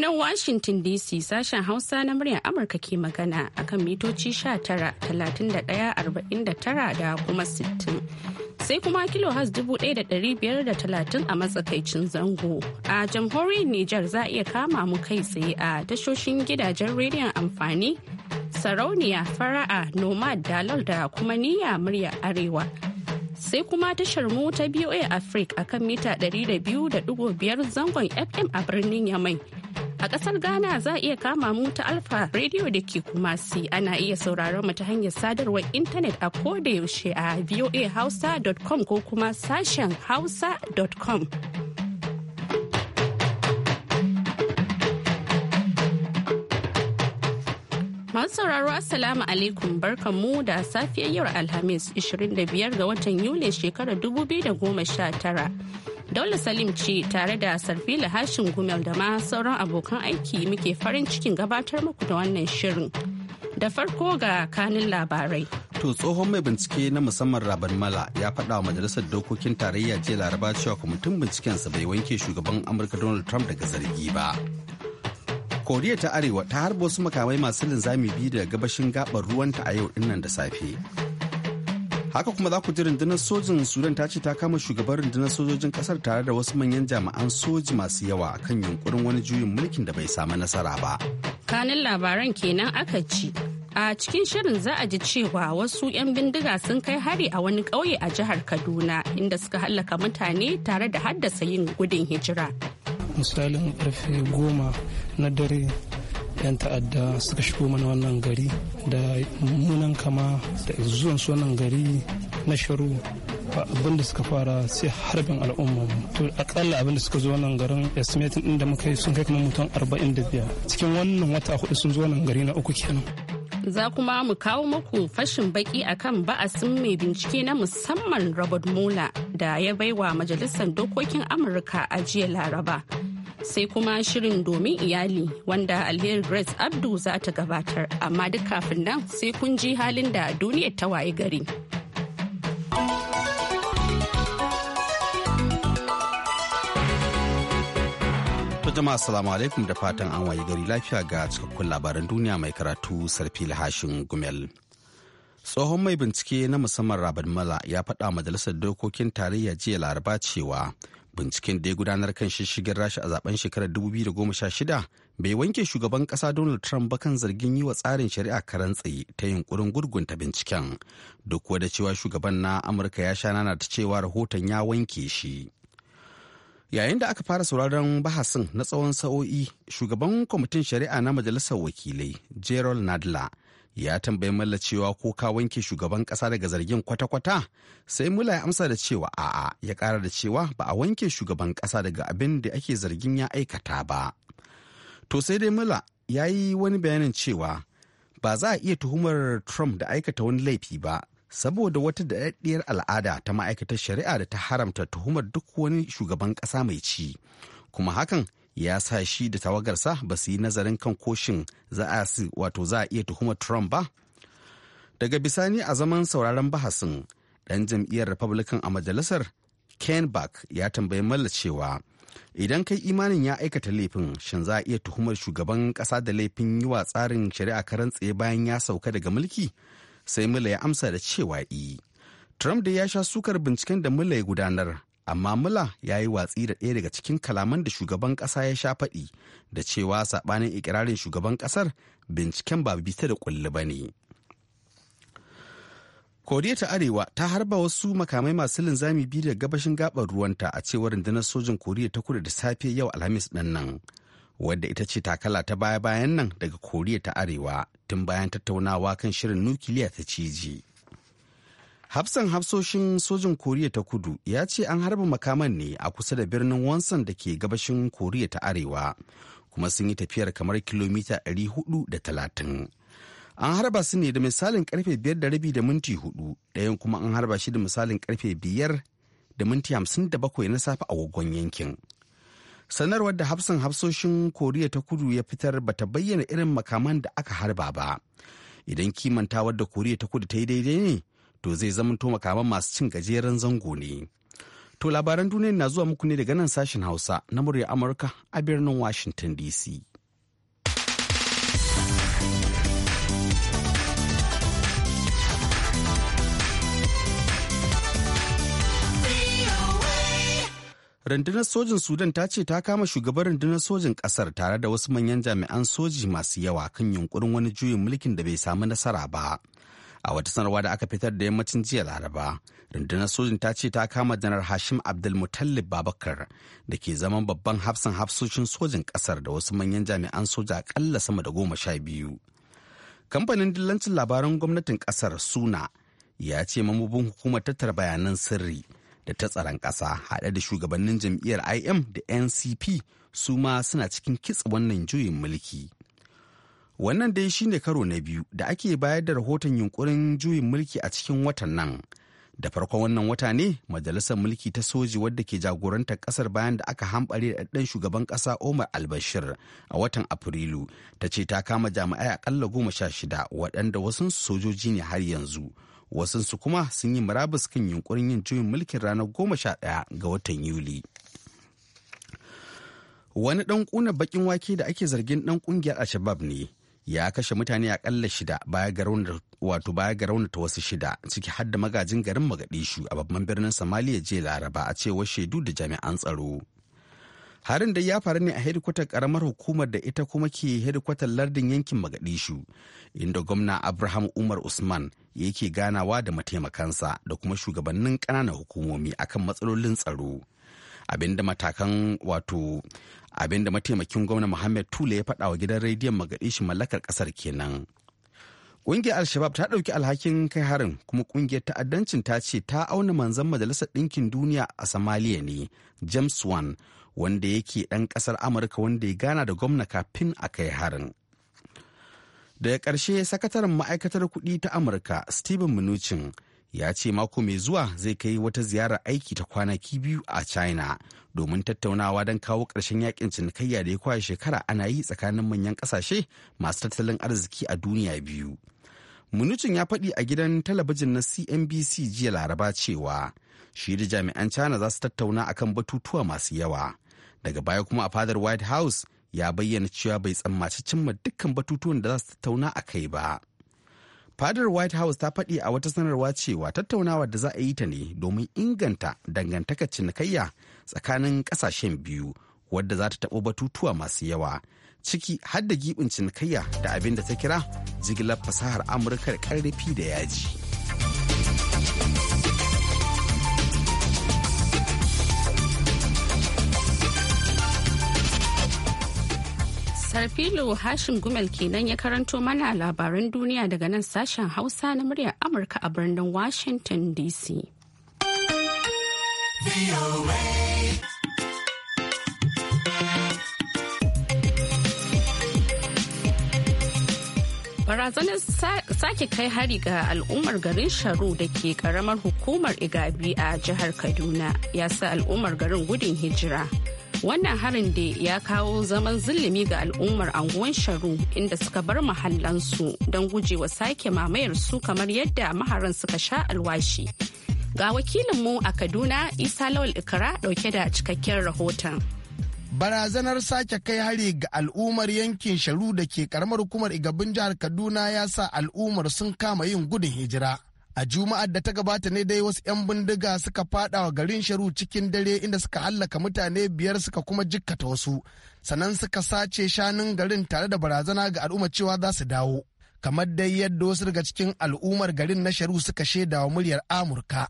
Na Washington DC sashen Hausa na muryar Amurka ke magana akan mitoci 19,31,49 da kuma 60. Sai kuma kilo has 1,530 a matsakaicin zango. A jamhuriyar Nijar za a iya kama mu kai tsaye a tashoshin gidajen rediyon amfani, sarauniya, fara'a, nomad, dalol da kuma niyya murya arewa. sai kuma tashar mu ta BOA Africa akan mita 200.5 zangon FM a birnin Yamai A ƙasar Ghana za a iya kama mu ta Alfa Radio da ke Kumasi. Ana iya sauraron mu ta hanyar sadarwar intanet a koda yaushe a voahausa.com ko kuma sashen hausa.com. Masu sauraro Assalamu alaikum barkanmu da safiyar yau Alhamis 25 ga watan Yuli shekarar 2019. Daula Salim ce tare da Sarfila hashin Gumel da ma sauran abokan aiki muke farin cikin gabatar muku da wannan shirin. Da farko ga kanin labarai. To tsohon mai bincike na musamman Raban Mala ya faɗa wa majalisar dokokin tarayya jiya laraba cewa kwamitin bincikensa bai wanke shugaban Amurka Donald Trump daga zargi ba. Koriya ta Arewa ta harba wasu makamai masu linzami biyu daga gabashin gabar ruwanta a yau dinnan da safe. haka kuma za ku ji rundunar sojin sudan ta ce ta kama shugaban rundunar sojojin kasar tare da wasu manyan jami'an soji masu yawa kan yunkurin wani juyin mulkin da bai samu nasara ba kanin labaran kenan aka ci a cikin shirin za a ji cewa wasu 'yan bindiga sun kai hari a wani ƙauye a jihar kaduna inda suka hallaka mutane tare da haddasa yin gudun hijira misalin karfe goma na dare 'yan ta'adda suka shigo mana wannan gari da kama da zuwan sunan gari na sharu ba abin suka fara sai harbin al'umma to akalla abin da suka zo nan garin estimating din da muka yi sun kai kuma mutum 45 cikin wannan wata hudu sun zo nan gari na uku kenan za kuma mu kawo muku fashin baki akan ba'asin mai bincike na musamman Robert Mueller da ya baiwa Majalisar Dokokin Amurka a jiya Laraba sai kuma shirin domin iyali wanda alheri grace abdu za ta gabatar amma duk kafin nan sai kun ji halin da duniya ta waye gari jama'a salamu alaikum da fatan an waye gari lafiya ga cikakkun labaran duniya mai karatu sarfi hashin gumel tsohon mai bincike na musamman rabin mala ya faɗa majalisar dokokin tarayya jiya laraba cewa binciken da ya gudanar kan shishigar rasha a zaben shekarar 2016 bai wanke shugaban kasa donald trump ba kan zargin yi wa tsarin shari'a karan tsaye ta yunkurin gurgunta binciken duk da cewa shugaban na amurka ya sha nana ta cewa rahoton ya wanke shi yayin da aka fara sauraron bahasin na tsawon sa'o'i shugaban kwamitin shari'a na majalisar wakilai gerald nadler ya tambayi Malla cewa ko ka wanke shugaban kasa daga zargin kwata-kwata sai Mulla ya amsa da cewa a'a ya kara da cewa ba a wanke shugaban kasa daga abin da ake zargin ya aikata ba. To sai dai Mulla ya yi wani bayanin cewa ba za a iya tuhumar Trump da aikata wani laifi ba saboda wata daɗaɗɗiyar al'ada ta ma'aikatar shari'a da ta haramta tuhumar duk wani shugaban ƙasa mai ci kuma hakan ya sa shi da tawagarsa ba su yi nazarin kan koshin za a wato za a iya tuhumar Trump ba. Daga bisani a zaman sauraron bahasin ɗan jam'iyyar Republican a majalisar Ken Buck ya tambayi mala cewa idan kai imanin ya aikata laifin shin za a iya tuhumar shugaban ƙasa da laifin yi wa tsarin shari'a karan tsaye bayan ya sauka daga mulki sai mula ya amsa da cewa i. Eh. Trump da ya sha sukar binciken da mula ya gudanar amma mula ya yi watsi da ɗaya daga cikin kalaman da shugaban ƙasa ya sha faɗi da cewa saɓanin ikirarin shugaban ƙasar binciken ba bita da ƙulli ba ne koriya ta arewa ta harba wasu makamai masu linzami biyu da gabashin gabar ruwanta a cewar rundunar sojin koriya ta kudu da safe yau alhamis ɗin nan wadda ita ce takala ta baya-bayan nan daga koriya ta arewa tun bayan tattaunawa kan shirin nukiliya ta ciji. Hafsan hafsoshin sojin Koriya ta kudu ya ce an harba makaman ne a kusa da birnin Wonsan da ke gabashin Koriya ta Arewa, kuma sun yi tafiyar kamar kilomita 430. An harba su ne da misalin karfe 5 da rabi da minti 4, ɗayan kuma an harba shi da misalin karfe 5 da minti 57 na safe a wagon yankin. Sanarwar da hafsan hafsoshin Koriya ta kudu ya fitar ba ta bayyana irin makaman da aka harba ba. Idan kimanta da Koriya ta kudu ta yi daidai ne, to zai zamanto makaman masu cin gajeren zango ne. To labaran duniya na zuwa muku ne daga nan sashen Hausa na murya Amurka a birnin Washington DC. rundunar sojin sudan ta ce ta kama shugaban rundunar sojin kasar tare da wasu manyan jami'an soji masu yawa kan yunkurin wani juyin mulkin da bai samu nasara ba a wata sanarwa da aka fitar da yammacin jiya laraba rundunar sojin ta ce ta kama janar hashim abdulmutallib babakar da ke zaman babban hafsan hafsoshin sojin kasar da wasu manyan jami'an soja akalla sama da goma sha biyu kamfanin dillancin labaran gwamnatin kasar suna ya ce mamobin hukumar tattara bayanan sirri da ta tsaron ƙasa haɗe da shugabannin jam'iyyar im da ncp su ma suna cikin kitsa wannan juyin mulki wannan dai shine karo na biyu da ake bayar da rahoton yunkurin juyin mulki a cikin watan nan da farkon wannan wata ne majalisar mulki ta soji wadda ke jagorantar kasar bayan da aka hambare da ɗan shugaban ƙasa omar albashir a watan afrilu ta ce ta kama jami'ai akalla goma sha shida waɗanda wasu sojoji ne har yanzu su kuma sun yi murabus kan yunkurin yin juyin mulkin ranar goma sha ɗaya ga watan yuli wani ɗan ƙuna bakin wake da ake zargin ɗan ƙungiyar al ne ya kashe mutane akalla shida baya ga wato baya ga raunata wasu shida ciki har da magajin garin Magadishu a babban birnin Somalia jiya Laraba a cewar shaidu da jami'an tsaro. Harin da ya faru ne a hedikwatar karamar hukumar da ita kuma ke hedikwatar lardin yankin Magadishu, inda gwamna Abraham Umar Usman yake ganawa da mataimakansa da kuma shugabannin ƙananan hukumomi akan matsalolin tsaro. abinda matakan wato Abin da mataimakin gwamna Muhammad Tule ya faɗa wa gidan rediyon Magadishi mallakar ƙasar kenan. Ƙungiyar Al-Shabab ta ɗauki alhakin kai harin kuma ƙungiyar ta'addancin ta ce ta auna manzan Majalisar Ɗinkin Duniya a Somalia ne, James Wan, wanda yake ɗan ƙasar Amurka wanda ya gana da gwamna kafin a kai harin. Daga ƙarshe sakataren ma'aikatar kuɗi ta Amurka Stephen Mnuchin ya ce mako mai zuwa zai kai wata ziyara aiki ta kwanaki biyu a china domin tattaunawa don kawo ƙarshen yakin cinikayya da ya kwaya shekara ana yi tsakanin manyan ƙasashe masu tattalin arziki a duniya biyu munucin ya faɗi a gidan talabijin na cnbc jiya laraba cewa shi da jami'an china za su tattauna akan batutuwa masu yawa daga baya kuma a fadar white house ya bayyana cewa bai tsammaci cimma dukkan batutuwan da za su tattauna a kai ba. fadar white house ta faɗi a wata sanarwa cewa tattaunawa da za a yi ta ne domin inganta dangantakar cinikayya tsakanin ƙasashen biyu wadda za ta taɓo batutuwa masu yawa ciki har da giɓin cinikayya da abin da ta kira jigilar fasahar amurka da ƙarfi da yaji. Sarfilu Hashim Gumel kenan ya karanto mana labaran duniya daga nan sashen Hausa na muryar Amurka a birnin Washington DC. barazanar sake kai hari ga al'ummar garin sharu da ke karamar hukumar igabi a jihar kaduna ya sa al'ummar garin gudun hijira wannan harin da ya kawo zaman zulumi ga al'ummar anguwan sharu inda suka bar mahallansu don gujewa sake mamayar su kamar yadda maharan suka sha alwashi ga wakilinmu a kaduna isa lawal Ikara dauke da cikakken rahoton barazanar sake kai hari ga al'ummar yankin sharu da ke karamar hukumar igabin jihar kaduna ya sa al'ummar sun kama yin gudun hijira a juma'ar da ta gabata ne dai wasu 'yan bindiga suka fada wa garin sharu cikin dare inda suka hallaka mutane biyar suka kuma jikkata wasu sannan suka sace shanun garin tare da barazana ga al'umma cewa za su dawo kamar dai yadda wasu daga cikin al'ummar garin na sharu suka shaida wa muryar amurka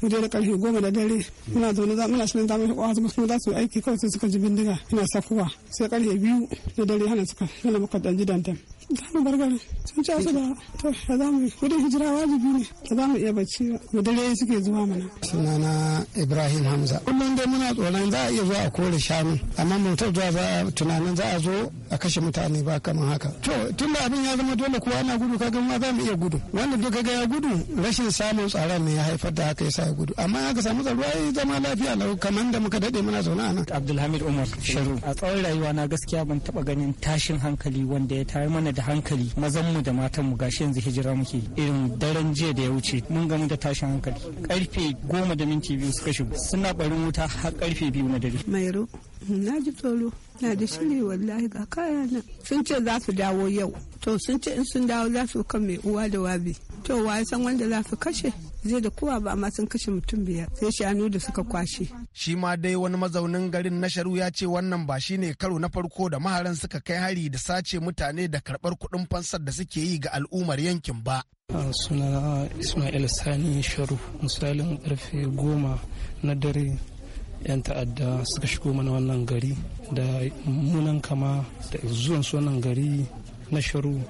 mu je da karfe goma da dare muna zaune za muna shirin zamu kwa kuma za su aiki kawai sai suka ji bindiga ina sakuwa sai karfe biyu da dare hana suka hana muka danji dandan za mu sun ci su da to da za mu gudun hijira wajibi ne da za mu iya bacci ba mu dare suke zuwa mana. sunana ibrahim hamza kullum dai muna tsoron za a iya zuwa a kore shanu amma motar zuwa za a tunanin za a zo a kashe mutane ba kamar haka to tun da abin ya zama dole kowa na gudu kaga ma za mu iya gudu wanda duka ga ya gudu rashin samun tsaron ne ya haifar da haka ya sa gudu amma aka samu tsaro ya zama lafiya lau kamar da muka daɗe muna zaune a nan. abdulhamid umar sharu a tsawon rayuwa na gaskiya ban taɓa ganin tashin hankali wanda ya tayar mana da hankali mazan mu da matan mu gashi yanzu hijira muke irin daren jiya da ya wuce mun gamu da tashin hankali karfe goma da minti biyu suka shigo suna barin wuta har karfe biyu na dare. Mairo na ji tsoro na da ne wallahi ga kaya na sun ce za su dawo yau to sun ce in sun dawo za su kan mai uwa da wabi to wa san wanda za su kashe zai da kowa ba amma sun kashe mutum biyar sai shanu da suka kwashe shi ma dai wani mazaunin garin na sharu ya ce wannan ba shi ne karo na farko da maharan suka kai hari da sace mutane da karbar kuɗin fansar da suke yi ga al'ummar yankin ba sunana ismail sani sharu misalin karfe goma na dare 'yan ta'adda suka shigo mana wannan gari da munan kama da zuwan su wannan gari na sharu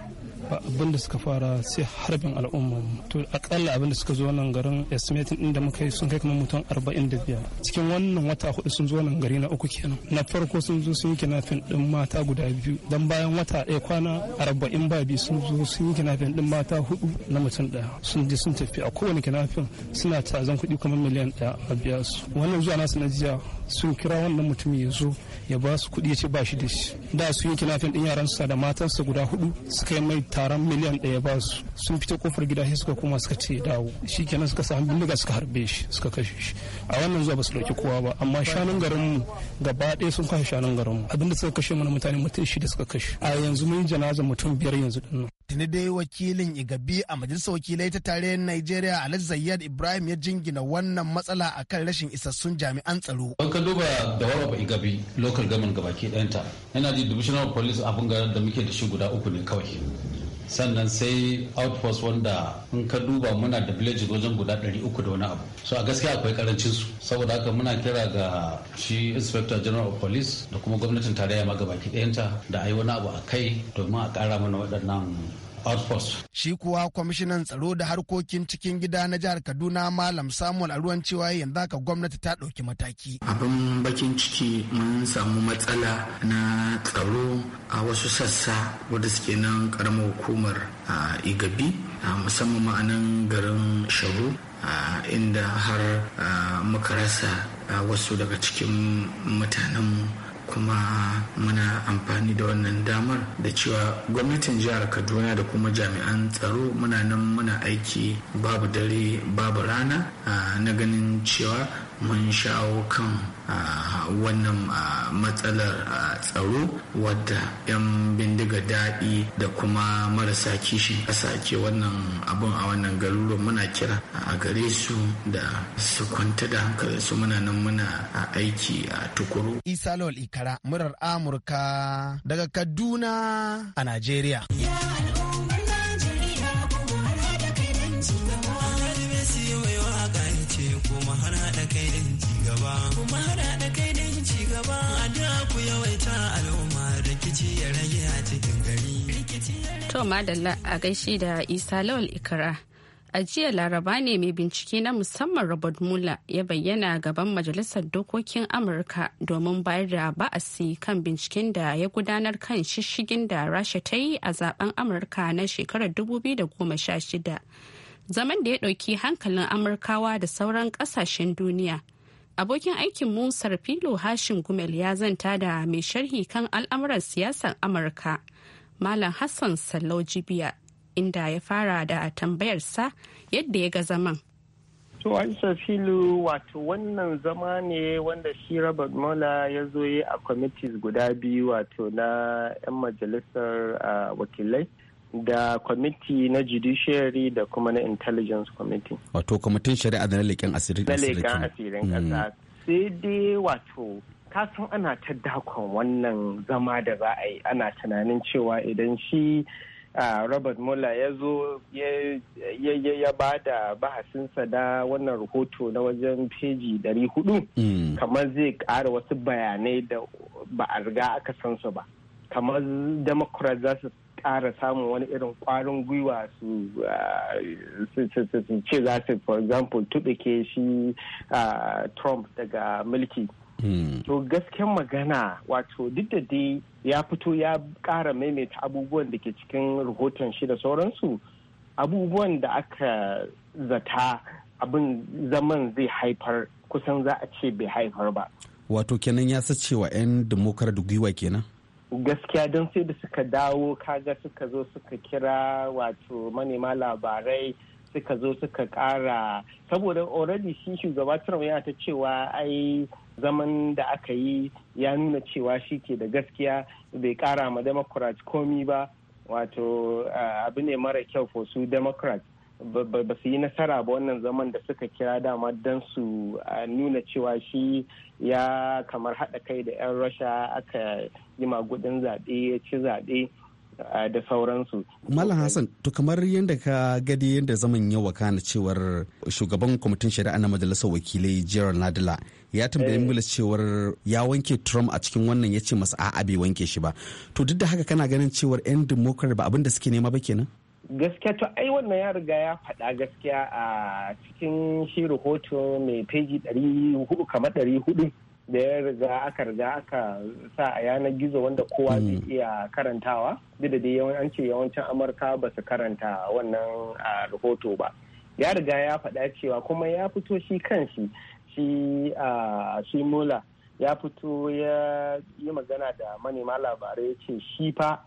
ba abin da suka fara sai harbin al'umma to akalla abin da suka zo nan garin estimating din da muka yi sun kai kamar mutum 45 cikin wannan wata hudu sun zo nan gari na uku kenan na farko sun zo sun yi kinafin din mata guda biyu dan bayan wata ɗaya kwana 40 ba biyu sun zo sun yi kinafin din mata hudu na mutum ɗaya sun je sun tafi a kowane kinafin suna tazan kuɗi kamar miliyan ɗaya a biya su wannan zuwa nasu na jiya sun kira wannan mutum ya zo ya ba su kuɗi ya ce ba shi da shi da su yi kinafin din yaran da matansa guda hudu suka yi mai taron miliyan ɗaya ba su sun fita kofar gida sai suka koma suka ce dawo kenan suka samu bindiga suka harbe shi suka kashe shi a wannan zuwa ba su dauki kowa ba amma shanun garin mu gaba ɗaya sun kashe shanun garin mu abinda suka kashe mana mutane mutum shida suka kashe a yanzu mun janaza mutum biyar yanzu nan. tuni dai wakilin igabi a majalisar wakilai ta tarayyar nigeria alhaji zayyad ibrahim ya jingina wannan matsala akan rashin isassun jami'an tsaro an ka duba da waraba igabi local gamin gabaki ɗayanta yana da divisional police abin da muke da shi guda uku ne kawai sannan sai outpost wanda in ka duba muna da village wajen guda 300 da wani abu so a gaskiya akwai karancin su saboda haka muna kira ga shi inspector general of police da kuma gwamnatin tarayya ma gabaki ɗayanta da a wani abu a kai domin a kara mana waɗannan outpost. Shi kuwa kwamishinan tsaro da harkokin cikin gida na jihar Kaduna Malam Samuel Aruwan cewa yanzu haka gwamnati ta ɗauki mataki. Abin bakin ciki mun samu matsala na tsaro a wasu sassa wadda suke nan karamar hukumar Igabi musamman ma'anan garin Sharu inda har muka rasa wasu daga cikin mutanenmu. kuma muna amfani da wannan damar da cewa gwamnatin jihar kaduna da kuma jami'an tsaro muna nan muna aiki babu dare babu rana na ganin cewa mun shawo kan wannan matsalar tsaro wadda 'yan bindiga daɗi da kuma marasa kishin ƙasa ke wannan abun a wannan garuruwan muna kira a gare su da su kwanta da hankali su muna nan muna aiki a tukuru. isa lol ikara murar amurka daga kaduna a najeriya. To madalla a gaishe da Isa Lawal Ikra. A jiya laraba ne mai bincike na musamman Robert Mueller ya bayyana gaban Majalisar Dokokin Amurka domin bayar da ba'asi kan binciken da ya gudanar kan shishigin da Rasha ta yi a zaben Amurka na shekarar 2016. Zaman da ya ɗauki hankalin Amurkawa da sauran ƙasashen duniya. Abokin aikin mu Sarfilo Hashim Gumel ya zanta da mai sharhi kan al'amuran siyasar Amurka. Malam Hassan Sallau Jibiya inda ya fara da tambayarsa yadda ya ga zaman. To Aisha Filu wato wannan zama ne wanda shi Robert Mola ya zo yi a committees guda biyu wato na 'yan majalisar wakilai da kwamiti na judiciary da kuma na intelligence committee. Wato kwamitin shari'a da na leƙen asirin ƙasa. Mm. sai dai wato ka san ana ta dakon wannan zama da za a yi ana tunanin cewa idan shi robert muller ya zo ya ba da bahasinsa da wannan rahoto na wajen peji 400 hmm. kamar zai ƙara wasu bayanai da ba a riga aka san su ba kamar democrat za su ƙara samun wani irin kwarin gwiwa su ce za su for example tuɓe shi trump daga mulki To gasken magana wato duk da dai ya fito ya kara maimaita abubuwan da ke cikin rahoton shi da sauransu abubuwan da aka zata abin zaman zai haifar kusan za a ce bai haifar ba. Wato kenan ya cewa 'yan dimokar da gwiwa kenan? Gaskiya don sai da suka dawo kaga suka zo suka kira wato manema labarai suka zo suka kara saboda already shi shugaba Trump yana ta cewa ai zaman da aka yi ya nuna cewa shi ke da gaskiya bai kara ma democrats komi ba wato abu ne mara kyau for su democrats ba su yi nasara ba wannan zaman da suka kira dama don su nuna cewa shi ya kamar haɗa kai da 'yan rasha aka yi magudin zaɓe ya ci zaɓe da sauransu. Malam Hassan, to kamar yadda ka gadi yadda zaman yau wakana cewar shugaban kwamitin shari'a na majalisar wakilai Gerald Nadala ya tambayi eh. mula cewar ya wanke Trump a cikin wannan ya ce masa a'a bai wanke shi ba. To duk da haka kana ganin cewar 'yan Democrat ba abin da suke nema ba kenan? gaskiya to ai wannan ya riga ya faɗa gaskiya a cikin shi rahoto mai peji 400 ɗari 400 da ya riga aka riga aka sa a yanar gizo wanda kowa zai hmm. iya karantawa duk da dai an ce yawancin amurka ba su karanta wannan rahoto ba ya riga ya faɗa cewa kuma ya fito shi kan shi shi shi mula ya fito ya yi magana da manema labarai ce shi fa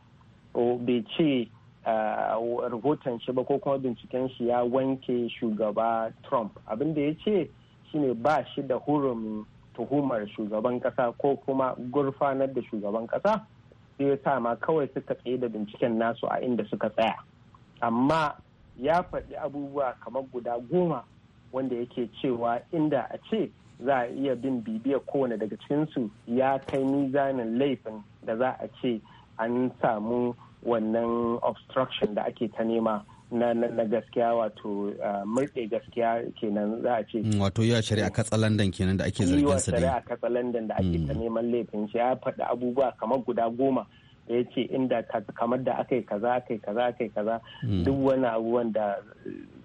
bai ce rahoton shi ba ko kuma binciken shi ya wanke shugaba trump abin da ya ce shine ba shi da hurumin tuhumar shugaban kasa ko kuma gurfanar da shugaban kasa sai ya sa ma kawai suka tsaye da binciken nasu a inda suka tsaya amma ya faɗi abubuwa kamar guda goma wanda yake cewa inda a ce za a iya bin bibiya kowane daga cikinsu ya kai mizanin laifin da za a ce an samu wannan obstruction da ake ta nema na na gaskiya wato ah, murɗe gaskiya kenan za a ce mm, wato a shari'a katsalandan kenan da ake zargin sa da shari'a katsalandan da ake ta mm. neman laifin shi ya faɗi abubuwa kamar guda goma da ya ce inda kamar da aka yi kaza aka yi kaza aka yi kaza mm. duk wani abubuwan da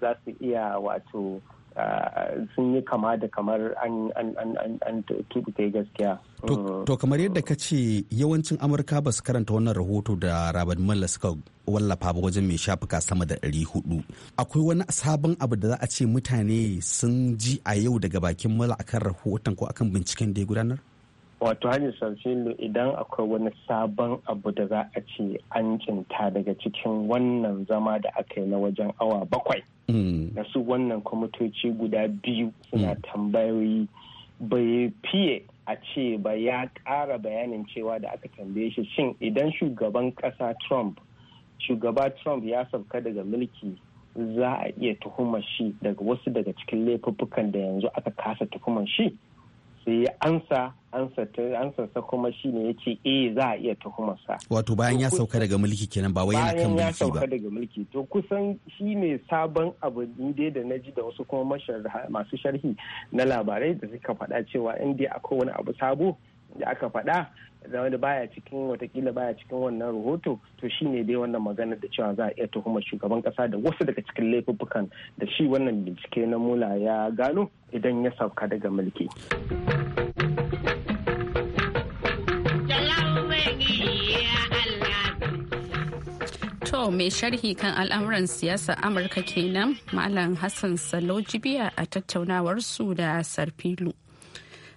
za su iya wato Ah, sun yi kama da kamar an tuɓuke gaskiya. Mm. To kamar yadda ka ce yawancin Amurka ba su karanta wannan rahoto da Rabat Malla suka wallafa ba wajen mai shafuka sama da ɗari hudu. Akwai wani sabon abu da za a ce mutane sun ji a yau daga bakin Malla akan rahoton ko akan binciken da ya gudanar? wato hanyar sarfilo idan akwai wani sabon abu da za a ce an cinta daga cikin wannan zama da aka yi na wajen awa bakwai na mm. su wannan kwamitoci guda biyu suna mm. tambayoyi bai fiye a ce ba ya ƙara bayanin cewa da aka tambaye shi shin idan shugaban ƙasa trump shugaba trump ya sauka daga mulki za a iya tuhumar shi daga wasu daga cikin laifuffukan da yanzu aka kasa tuhumar shi sai ansa ta kuma ne ya ce eh za a iya tuhumarsa. Wato bayan ya sauka daga mulki kenan ba wai yana kan mulki ba. Bayan ya sauka daga mulki to kusan shine sabon abu dai da na ji da wasu kuma masu sharhi na labarai da suka faɗa cewa in dai akwai wani abu sabo da aka faɗa da wani baya cikin watakila baya cikin wannan rahoto to shi ne dai wannan magana da cewa za a iya tuhumar shugaban kasa da wasu daga cikin laifuffukan da shi wannan bincike na mula ya gano idan ya sauka daga mulki. To mai sharhi kan al'amuran siyasa Amurka kenan Malam Hassan Jibiya a tattaunawar su da Sarfilu.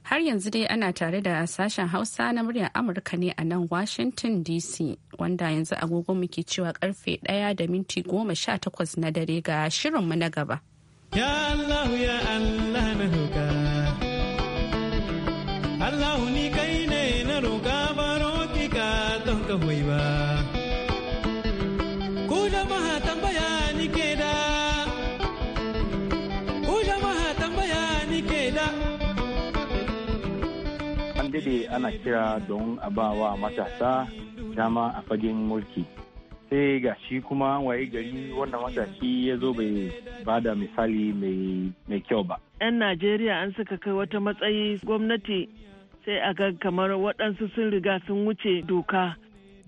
Har yanzu dai ana tare da sashen Hausa na muryar Amurka ne a nan Washington DC wanda yanzu agogo muke cewa karfe ɗaya da minti goma sha takwas na dare ga shirinmu na gaba. Ya Allah ya Allah na roƙa. Allah ni kai ne na roƙa baro ki ka don ka ba. dade ana kira don a ba wa matasa dama a fagen mulki sai ga shi kuma waye gari wannan matashi ya zo bai ba da misali mai kyau ba. 'Yan Najeriya an suka kai wata matsayi gwamnati sai a ga kamar waɗansu sun riga sun wuce doka.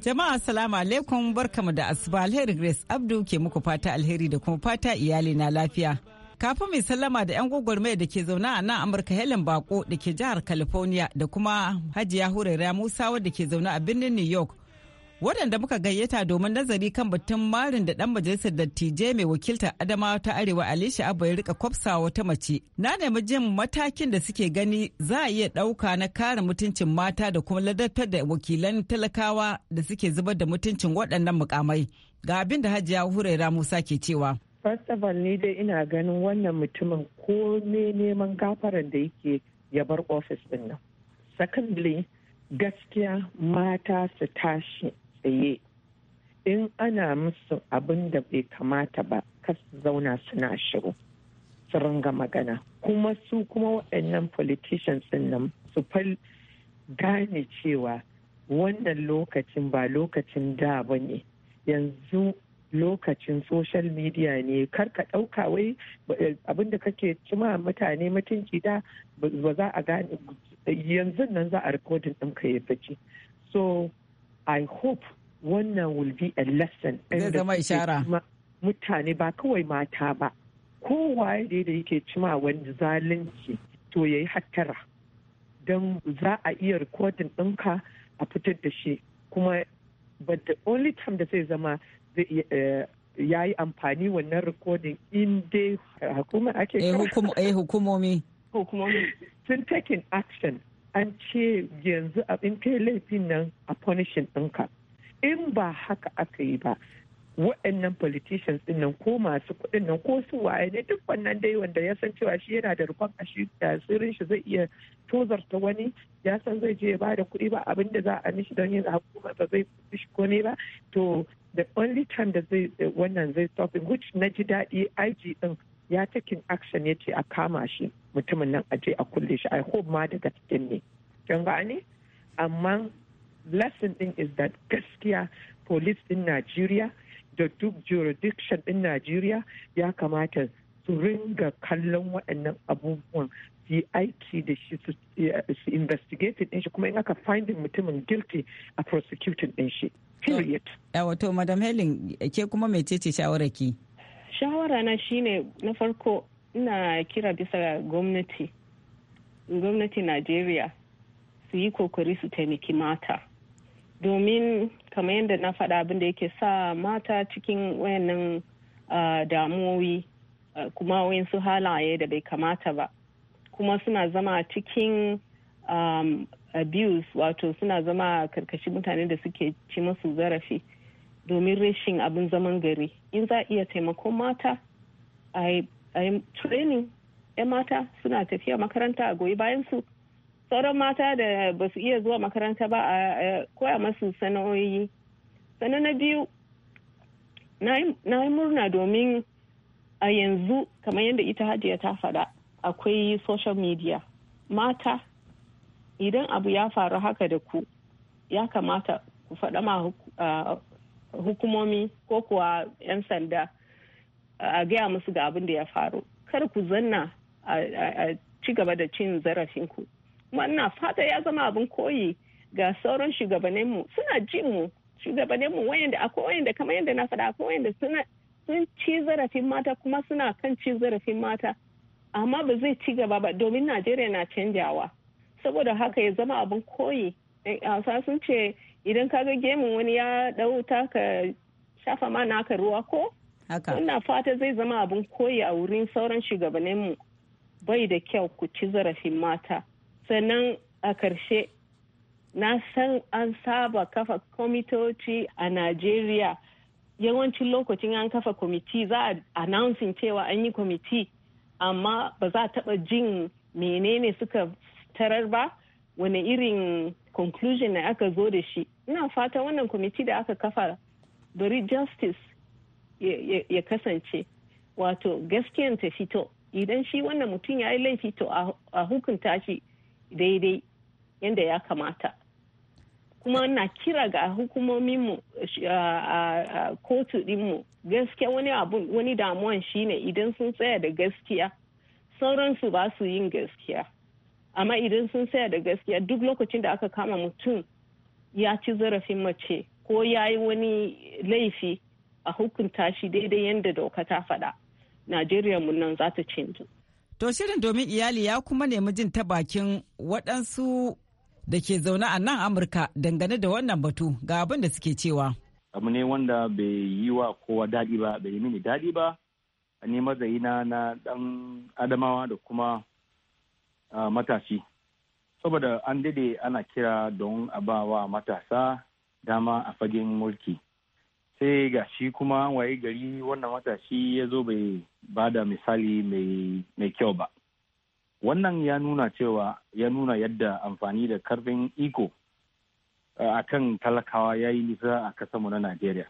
Jama'a salamu alaikum barkamu da asuba alheri Grace Abdu ke muku fata alheri da kuma fata iyali na lafiya. Kafin mai sallama da 'yan gwagwarmaya da ke zaune a nan Amurka Helen Bako da ke jihar California da kuma Hajiya huraira Musa wadda ke zaune a birnin New York. Waɗanda muka gayyata domin nazari kan batun marin da ɗan majalisar dattijai mai wakiltar Adamawa ta Arewa Alisha abu ya rika kwafsa ta mace. Na nemi jin matakin da suke gani za a iya ɗauka na kare mutuncin mata da kuma ladatar da wakilan talakawa da suke zubar da mutuncin waɗannan mukamai. Ga abin da Hajiya Hurera Musa ke cewa. first of ni dai ina ganin wannan mutumin ko ne neman gafarar da yake ya bar ofis din nan secondly gaskiya mata su tashi tsaye in ana musu abin da bai kamata ba kas zauna suna shiru su ringa magana kuma su kuma waɗannan politicians din nan su fal gane cewa wannan lokacin ba lokacin da ba ne yanzu lokacin social media ne kar ka ɗauka wai eh, abinda kake cima mutane mutunci da ba za a gane yanzu nan za a rikodin ɗin ka ya fice so i hope wannan will be a lesson zama ishara mutane ba kawai mata ba kowaye dai da yake cima wani zalunci to ya yi hattara don za a iya rikodin ɗinka a fitar da shi kuma but the only time da zai zama Eh, ya yi amfani wannan rikodin in dai hukuma ake eh, eh hukumomi sun taking action an ce yanzu abin kai laifin nan a punishing ɗinka in ba haka aka yi ba waɗannan politicians din nan ko masu kuɗin nan ko su waye ne duk wannan dai wanda ya san cewa shi yana da rufan da sirrin shi zai iya tozarta wani ya san zai je ya ba da kuɗi ba abinda za a mishi don yin hukuma ba zai fushi ko ne ba to the only time da zai wannan zai stopping which na ji daɗi eh, IG din um, ya takin action ya ce a kama shi mutumin nan aje a kulle shi I hope ma daga cikin ne kin gane amma lesson din is that gaskiya police din Najeriya da duk jurisdiction din Najeriya ya kamata su ringa kallon waɗannan abubuwan su yi aiki da shi su eh, investigate din shi kuma in aka finding mutumin guilty a prosecuting din shi period wato madam helen ke kuma mecece shawararki shawara na shine na farko ina kira bisa gwamnati gwamnati najeriya su yi kokari su taimaki mata domin kamar yadda na faɗa abin da yake sa mata cikin wayannan uh, damuwoyi kuma wayansu halaye da bai kamata ba kuma suna zama cikin um, abuse wato suna zama a karkashin mutane da suke ci masu zarafi domin rashin abin zaman gari in za a iya taimakon mata a yi training 'yan mata suna tafiya makaranta a goyi bayan su sauran mata da ba su iya zuwa makaranta ba a koya masu sana'o'i sannan na biyu na yi murna domin a yanzu kamar yadda ita hajiya ta faɗa akwai social media mata idan abu ya faru haka da ku ya kamata ku faɗa ma hukumomi ko kuwa 'yan sanda a gaya musu ga abin da ya faru kar ku zanna a ci gaba da cin zarafinku kuma ina fata ya zama abin koyi ga sauran shugabanninmu suna jin mu shugabanninmu wayanda akwai wayanda kamar yadda na faɗa akwai wayanda suna sun ci zarafin mata kuma suna kan ci zarafin mata amma ba zai ci gaba ba domin najeriya na canjawa saboda haka ya zama abin koyi eh, hausa sun ce idan ka ga gemun wani ya dau ka shafa mana haka ruwa ko ina fata zai zama abin koyi a wurin sauran shugabanninmu bai da kyau ku ci zarafin mata sannan a karshe na san an saba kafa kwamitoci a najeriya yawancin lokacin an kafa kwamiti za a announcing cewa an yi kwamiti amma ba za a taba jin menene suka tarar ba wani irin conclusion da aka zo da shi ina fata wannan kwamiti da aka kafa bari justice ya kasance wato gaskiyan ta fito idan shi wannan mutum ya yi laifi to a hukunta shi daidai yadda ya kamata kuma na kira ga hukumominmu a kotu dinmu gaskiya wani abun wani damuwan shine idan sun tsaya da gaskiya sauransu ba su yin gaskiya amma idan sun saya da gaskiya duk lokacin da aka kama mutum ya ci zarafin mace ko ya yi wani laifi a hukunta shi daidai yadda doka ta faɗa najeriya mu nan za ta canzu to shirin domin iyali ya kuma nemi jin ta bakin waɗansu da ke zaune a nan amurka dangane da wannan batu ga abin da suke cewa abu ne wanda bai yi wa kowa daɗi ba bai yi mini daɗi ba a nema na na ɗan adamawa da kuma Uh, matashi saboda an daɗe ana kira don a ba wa matasa dama a fagen mulki sai ga shi kuma waye gari wannan matashi ya zo bai ba da misali mai kyau ba wannan ya nuna cewa ya nuna yadda amfani da karfin iko uh, a kan talakawa ya yi nisa a kasanmu na najeriya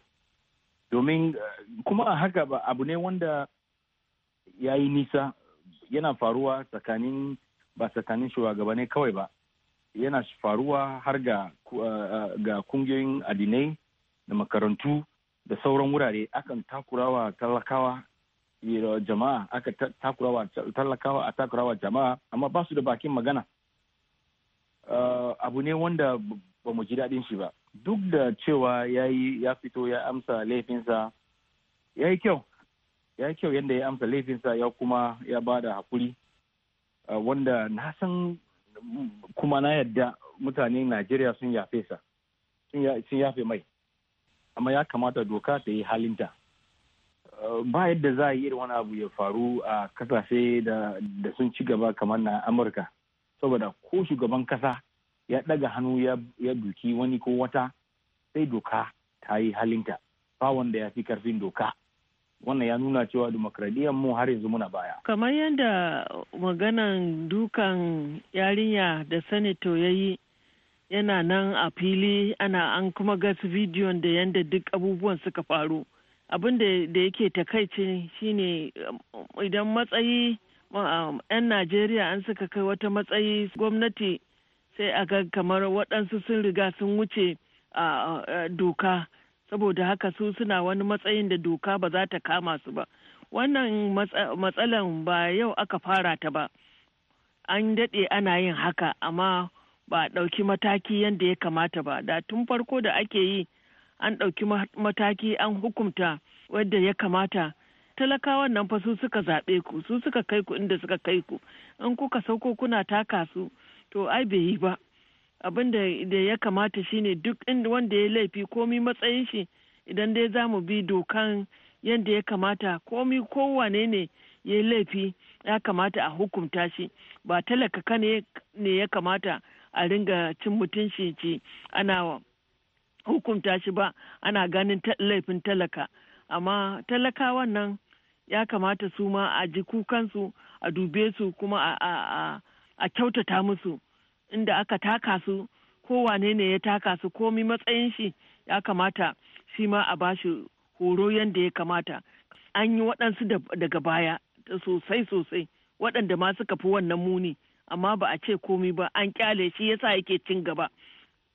domin uh, kuma a haka ba abu ne wanda ya yi nisa yana faruwa tsakanin ba tsakanin shugabanni kawai ba yana faruwa har ga eh, eh, ga kungiyoyin addinai da makarantu da sauran wurare akan takurawa talakawa jama'a aka takurawa talakawa a takurawa jama'a amma ba su da bakin magana eh, abu ne wanda ba mu ji daɗin shi ba duk da cewa ya yi ya fito ya amsa laifinsa ya yi kyau ya yi kyau yadda ya amsa laifinsa ya kuma ya ba da haƙuri wanda na san kuma na yadda mutane najeriya sun yafe sa sun yafe mai amma ya kamata doka ta yi halinta ba yadda za a yi irin wani abu ya faru a kasashe da sun ci gaba kamar na amurka saboda ko shugaban kasa ya daga hannu ya duki wani ko wata sai doka ta yi halinta ba wanda ya fi karfin doka wannan ya nuna cewa demokradiyyar mu har yanzu muna baya. Kamar yadda maganan dukan yarinya da sanito ya yi yana nan a fili ana an kuma gas bidiyon da yadda duk abubuwan suka faru. Abin da yake takaici shine um, idan matsayi 'yan um, um, Najeriya an suka kai wata matsayi gwamnati sai a ga kamar waɗansu sun riga sun wuce a uh, uh, doka. saboda haka su suna wani matsayin da doka ba za ta kama su ba wannan matsalan ba yau aka fara ta ba an daɗe ana yin haka amma ba ɗauki mataki yadda ya kamata ba da tun farko da ake yi an ɗauki mataki an hukumta wadda ya kamata talakawan nan fa su suka zaɓe ku su suka kai ku inda suka kai ku in kuka sauko kuna taka su to ai bai yi ba abin da ya kamata shine duk inda wanda ya laifi komi matsayin shi idan dai za mu bi dokan yadda ya kamata komi kowane ne ya laifi ya kamata a hukumta shi ba talaka ka ne ya kamata a ringa cin mutunci ci ana hukumta shi ba ana ganin laifin talaka amma talaka wannan ya kamata su ma a ji kukansu a dube su kuma a kyautata musu inda aka taka su ko wane ne ya taka su komi matsayin shi ya kamata shi ma a bashi horo yadda ya kamata an yi waɗansu daga baya sosai sosai waɗanda ma suka fi wannan muni amma ba a ce komi ba an kyale shi yasa yake cin gaba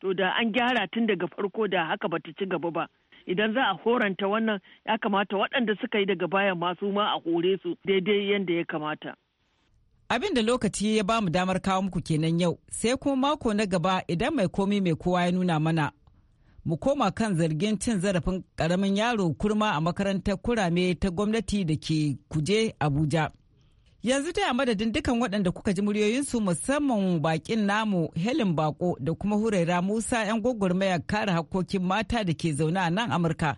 to da an gyara tun daga farko da haka bata ci gaba ba idan za a horanta wannan ya kamata waɗanda suka yi daga baya masu ma a hore su daidai yadda ya kamata Abin da lokaci ya ba mu damar kawo muku kenan yau, sai kuma mako na gaba idan mai komi mai kowa ya nuna mana. Mu koma kan zargin cin zarafin karamin yaro kurma a makarantar kurame ta gwamnati da ke kuje Abuja. Yanzu ta madadin dukan waɗanda kuka ji muryoyinsu musamman bakin namu helin Bako da kuma Huraira Musa 'yan gwagwarmayar kare hakkokin mata da ke zaune a nan Amurka.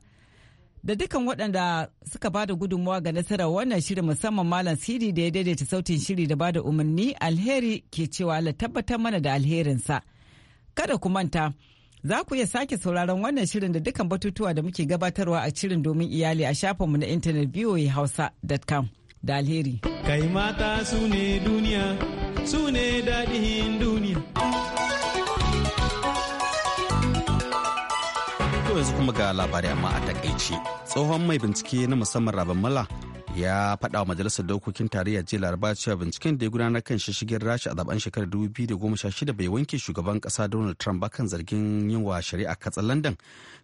da dukan waɗanda suka bada gudunmawa ga nasarar wannan shirin musamman malam siri da ya daidaita sautin shiri da bada umarni alheri ke cewa la tabbatar mana da alherinsa kada ku manta za ku iya sake sauraron wannan shirin da dukkan batutuwa da muke gabatarwa a shirin domin iyali a shafinmu na intanet biyoyi hausa.com da alheri kai mata su ne duniya su ne daɗin duniya yanzu kuma ga labari amma a takaici Tsohon mai bincike na musamman Rabin Mala ya faɗa wa majalisar dokokin tarayya jiya laraba cewa binciken da ya gudanar kan shishigin rasha a zaben shekarar 2016 bai wanke shugaban ƙasa donald trump ba kan zargin yin wa shari'a katsa london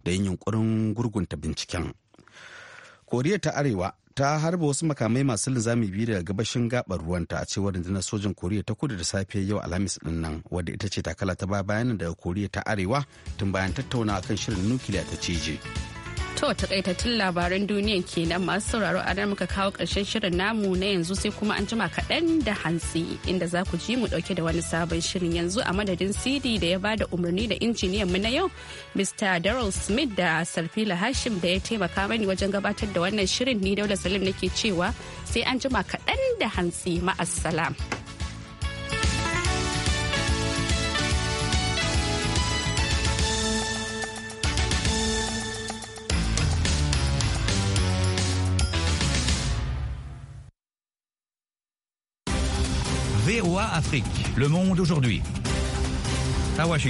da yin yunkurin gurgunta binciken koriya ta arewa ta harba wasu makamai masu linzami biyu daga gabashin gabar ruwanta a cewar rundunar sojin koriya ta kudu da safe yau alhamis din nan wadda ita ce takala ta baya bayanin daga koriya ta arewa tun bayan tattaunawa kan shirin nukiliya ta cije. To takaitattun labaran duniya kenan masu sauraro a nan muka kawo ƙarshen shirin namu na yanzu sai kuma an jima kaɗan da hantsi inda za ku ji mu ɗauke da wani sabon shirin yanzu a madadin CD da ya bada umarni da injiniyan mu na yau Mr. Daryl Smith da Sarfila Hashim da ya taimaka mani wajen gabatar da wannan shirin ni Daula Salim nake cewa sai an jima kaɗan da hantsi ma'assalam. VOA Afrique, le monde aujourd'hui. À